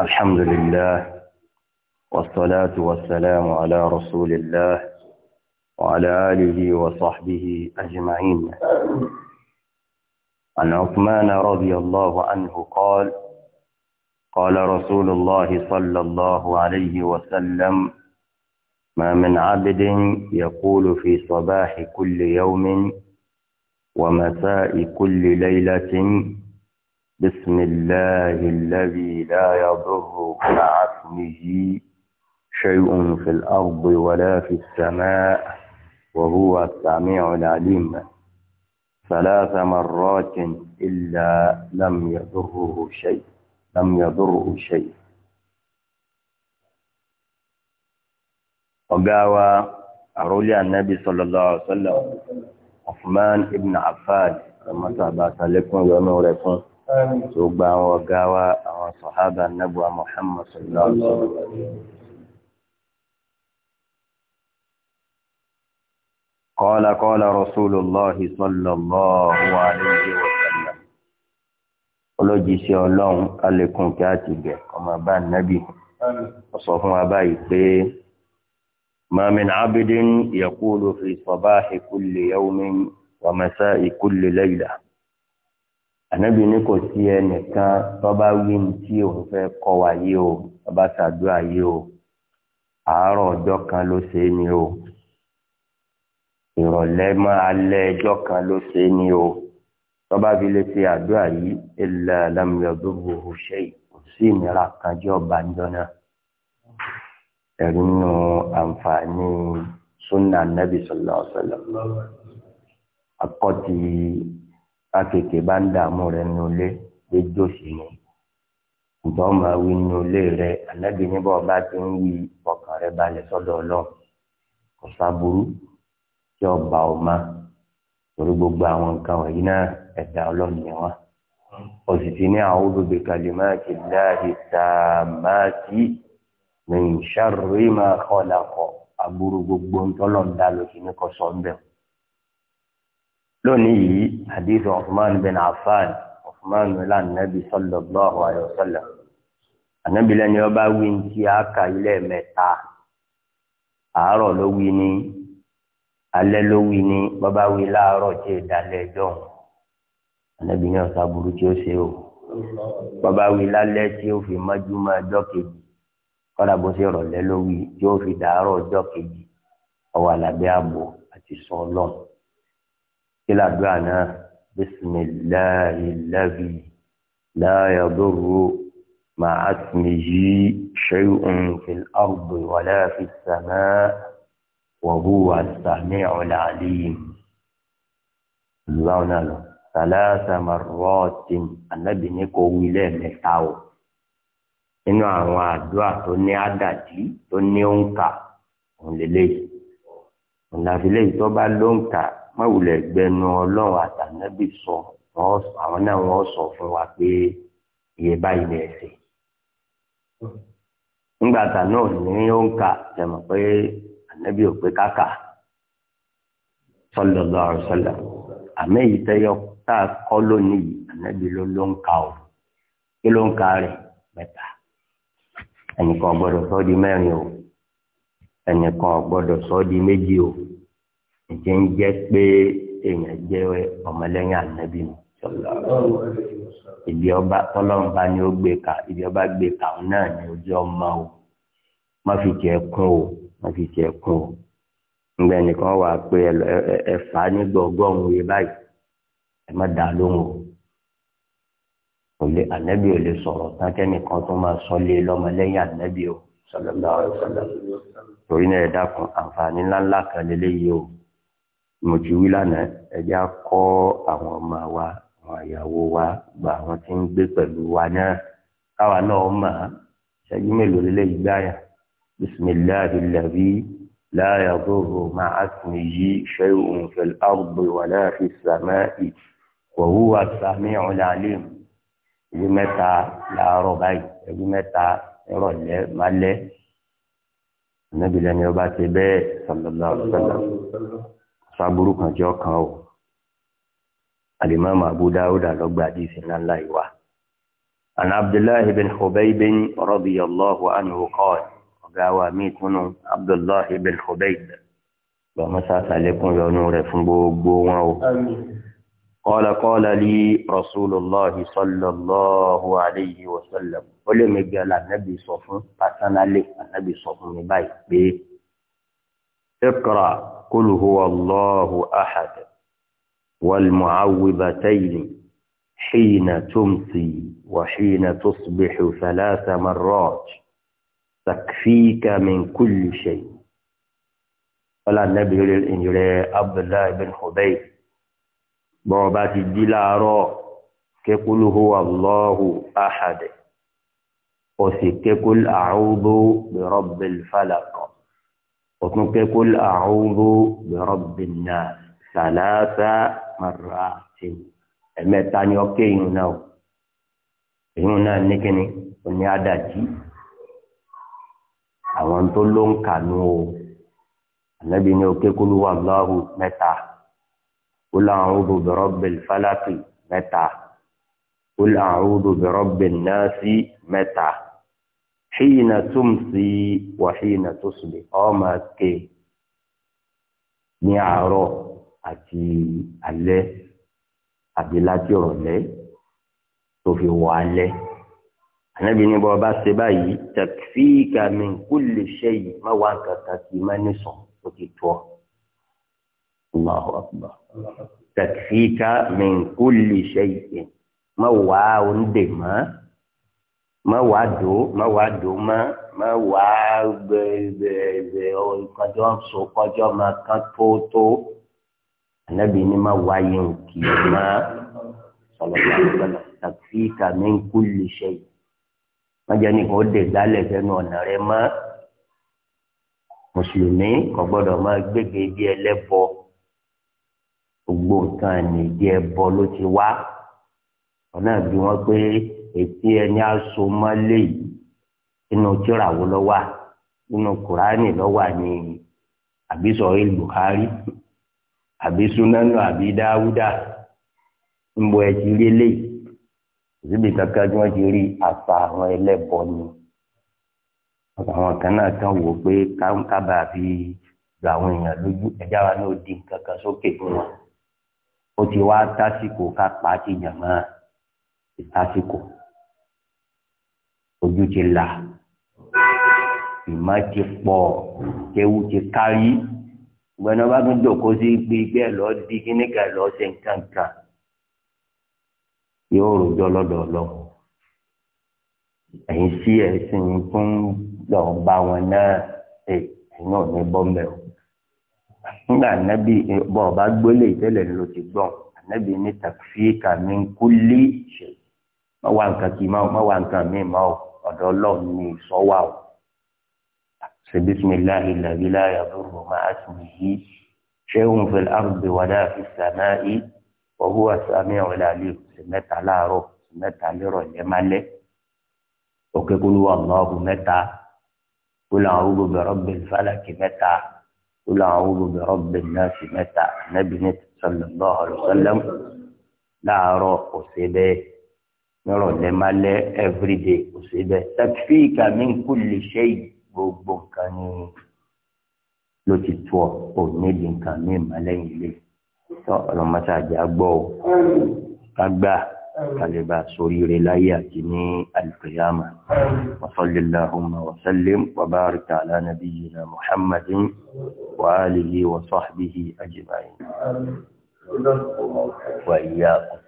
الحمد لله والصلاة والسلام على رسول الله وعلى آله وصحبه أجمعين عن عثمان رضي الله عنه قال قال رسول الله صلى الله عليه وسلم ما من عبد يقول في صباح كل يوم ومساء كل ليلة بسم الله الذي لا يضر مع اسمه شيء في الأرض ولا في السماء وهو السميع العليم ثلاث مرات إلا لم يضره شيء لم يضره شيء وقاوى أرولي النبي صلى الله عليه وسلم عثمان ابن عفان لما تعبت لكم يوم ورفون gbogbo àwọn ọ̀gá wa àwọn sọ̀hábà nàbùwà Muhammad sallallahu alaihi wa sallam. قال قال رسول الله صلى الله عليه وسلم olójíṣẹ́ ọlọ́run alẹ́kùn kí á ti gẹ̀ ọmọ bá nábì ọ̀sọ̀ fún wa báyìí pé ma min abidin yaqulu fi sabahi kulli yawmin wa masa'i kulli layla ànábì ní kò sí ẹnìkan tọ́ba wí ní tí òun fẹ́ kọ́ wa yìí o tọ́ba ṣàdúrà yìí o àárọ̀ ọjọ́ kan ló ṣe é ní o ìrọ̀lẹ́ mọ́ alẹ́ ẹjọ́ kan ló ṣe é ní o tọ́ba fi lè ṣe àdúrà yìí ilẹ̀ alámúyọ̀dúgbò ṣe kò sí ìnira kan jẹ́ ọba ńjọ náà ẹ̀rí nínú àǹfààní sunna nabi sallallahu alaihi wasallam akéèké bá ń dààmú rẹ nínú ilé gbẹjọ sí ni ǹjọ́ máa wí nínú ilé rẹ ànábì níbo ọba ti ń wí ọkàn rẹ balẹ̀ sọ́dọ̀ ọlọ́run kò sábúrú tí ọba ò má torí gbogbo àwọn nǹkan wọ̀nyí náà ẹ̀dá ọlọ́run ni wọ́n o sì ti ní a'udhu bi kalimati llahi tammati min sharri ma khalaqa aburú gbogbo ńtọ́lọ́ ń dá lóṣù ní kò ń bẹ̀rù lónìí yìí hadith Uthman bin Affan Uthman bin anabi sallallahu alayhi wa sallam anabi lẹni ọba wí ní ti aka ilé mẹ́ta àárọ̀ ló wí ní alẹ́ ló wí ní bàbá wí láàárọ̀ tí ìdálẹ ẹjọ anabi ní ọsà burú tí ó ṣe o bàbá wí lálẹ́ tí ó fi mọjúmọ ọjọ́ kejì kódà bó ṣe rọ̀lẹ́ ló wí tí ó fi dàárọ̀ ọjọ́ kejì ọwọ alábẹ ààbò àti sọ Ọlọ́run kí làdúrà náà bisimilahi labi láyàdúró màá tìmíyí ṣẹ́yìn fil ardi wàlá fi sàmà wàhùwà sàmì ọ̀làlìm. Ìlúwàwọn náà lọ, sàlásà màrọ́ọ̀tì ànábì ní kò wí lẹ́ẹ̀mẹ́ta o. Nínú àwọn àdúrà tó ní àdàdí tó ní òǹkà òun lélẹ́yìí. Òǹlàfílẹ́yìí tó bá lóǹkà má wulẹ̀ gbẹnu ọlọ́run àtànábì sọ àwọn náà wọ́n sọ fún wa pé iye báyìí lè ṣe. nígbà tá náà ní ó ń kà tẹ̀mọ̀ pé ànábì ò pé káka sallallahu alaihi wasallam àmì èyí tẹ́yọ tá a kọ́ ka o kí ló ń ka rẹ̀ mẹ́ta ẹnìkan sọ di mẹ́rin o ẹnìkan gbọ́dọ̀ sọ di méjì o. ìjẹ́ ń jẹ́ pé èèyàn jẹ́ ọmọlẹ́yìn ànábì ni ibi ọba tọ́lọ́run bá ní ó gbé ka ibi ọba gbé ka òun náà ní ojú ọmọ o má fi tiẹ̀ kún o má fi tiẹ̀ kún o ǹgbẹ́ nìkan wà pé ẹ̀fà nígbà yìí báyìí ẹ má lóhùn o ànábì ò lè sọ̀rọ̀ tán kẹ́nìkan tó máa sọ lé lọ́mọlẹ́yìn ànábì o torí náà ẹ dákun àǹfààní ńláńlá kan lélẹ́yìí o. mo ti wí lánàá ẹjẹ́ á kọ́ àwọn ọmọ wa àwọn ìyàwó wa gba àwọn tí ń gbé pẹ̀lú wa náà káwa náà mọ̀ á ṣẹ́jú mélòó lélẹ́yìí gbáyà bisimilahi labi láyà gbòòrò máa àtúnì yìí ṣe òun fẹ̀lẹ́ àgbè wà láàfin sàmẹ́ ì wọ̀húwà sàmì ọ̀làlẹ́ ìlú mẹ́ta làárọ̀ báyìí ìlú mẹ́ta ìrọ̀lẹ́ malẹ́ nàbìlẹ́ni ọba ti bẹ́ẹ̀ sallallahu alaihi wasallam sábúrú kan tí ó kan o alimami abu dawud alọgba adiisi ńláńlá ìwà an abdullahi bin hubayb radiyallahu anhu qala ọgá wa mi tunu abdullahi bin hubayb lọmọsá sàlékún yọnu rẹ̀ fún gbogbo wọn o. قال قال لي رسول الله صلى الله عليه ó lè mi gbé ọlá sọ fún pásánálì ànábì sọ fún mi báyìí pé اقرأ قل هو الله أحد والمعوذتين حين تمسي وحين تصبح ثلاث مرات تكفيك من كل شيء قال النبي للإنجيل عبد الله بن حبيب بوابات الدلارة كقل هو الله أحد وسكقل أعوذ برب الفلق ọtún pé kó àwòrán bẹ̀rọ̀bìn náà sàlàsà mara ṣe ẹ̀mẹ́ta ni ọkẹ́ ìhun náà o ìhun náà ní kíni òní àdàjì àwọn tó ló ń kànú o ànábì ní ọkẹ́ kó ló lọ́hùn mẹ́ta kó làwọn bẹ̀rọ̀bìn fálákì mẹ́ta kó làwọn bẹ̀rọ̀bìn sí mẹ́ta hìnà tumsi wà hìnà tusbi ọmọ ké ní àárọ̀ àti alẹ́ àbí láti ọ̀rọ̀lẹ́ tó fi wọ alẹ́ ànábi ní bọ́ọ̀ bá ṣe báyìí takfika min kulli shay má wà kankan kì í má ní sùn ó ti tọ́ Allahu akbar takfika min kulli shay má wà ó ń dè mọ́ má wàá dò má wàá dò má má wàá gbẹ gbẹ gbẹ ọ kọjọ so kọjọ ma kán tó tó anabi ni má wàá yẹn kì í má sọlọlá ìgbàlá tàbí kàmí ń kú lè ṣe yìí má jẹ́ nìkan ó dè dálẹ̀ fẹ́nu ọ̀nà rẹ má mùsùlùmí kò gbọ́dọ̀ má gbégbé bí ẹlẹ́bọ gbogbo nǹkan ẹ̀nìyẹ bọ ló ti wá ọ̀nà bí wọ́n pé ètí ẹni asomọ́lé yìí inú tíráwó lọ́wọ́ inú kùránì lọ́wọ́ ni àbí sọ̀rọ̀ Bukhari àbí sunanu àbí dáwúdà ń bọ ẹtì rí eléyìí síbi kankan tí wọ́n ti rí àfa àwọn ẹlẹ́bọ ni àwọn kan náà kan wò pé kábà fi lu àwọn èèyàn lójú ẹjá wa náà di nǹkan sókè fún wọn ó ti wá tásìkò ká pa á ti yàn máa tásìkò ojú ti là ìmọ̀ ti pọ̀ kéwu ti kárí gbẹ̀nà bá tún dòkó sí gbígbẹ́ lọ di kíní kan lọ ṣe nǹkan kan yóò rojọ́ lọ́dọ̀ lọ ẹ̀yin sí ẹ̀sìn fún lọ́ọ́ bá wọn náà ẹ̀ ẹ̀yin náà ní bọ́m̀bẹ̀ o nígbà ànábì bọ́ ọba gbélé ìtẹ́lẹ̀ ló ti gbọ́n ànábì ní takfika min kulli shay má nǹkan kì í má wà nǹkan míì má o ọ̀dọ̀ ọlọ́run ní ìsọ́wà o ṣe bisimilahi alladhi la yadurru ma'a ismihi shay'un fil ardi wala fis sama'i wa huwa as-sami'ul 'alim ṣe mẹ́ta láàárọ̀ ṣe mẹ́ta lérọ̀ yẹn má lẹ́ òkè kúlú wà lọ́ọ̀bù mẹ́ta kúlú àwọn olùgbé rabbil falaki mẹ́ta kúlú àwọn olùgbé rabbin nasi mẹ́ta anábìnrin nírọ̀lẹ́ máa lẹ́ everyday kò sí bẹ́ẹ̀ takfika min kulli shay gbogbo nǹkan ni ló ti tó ọ ò níbi nǹkan mí mà lẹ́yìn ilé tó ọlọ́mọṣà jẹ́ agbọ́ ọ kágbà kálíbà sóríire láyé àti ní alìkèyàmà wasalilahuma wasalim wabarika ala nabiyina muhammadin wa alihi wa sahbihi ajma'in wa iyyakum.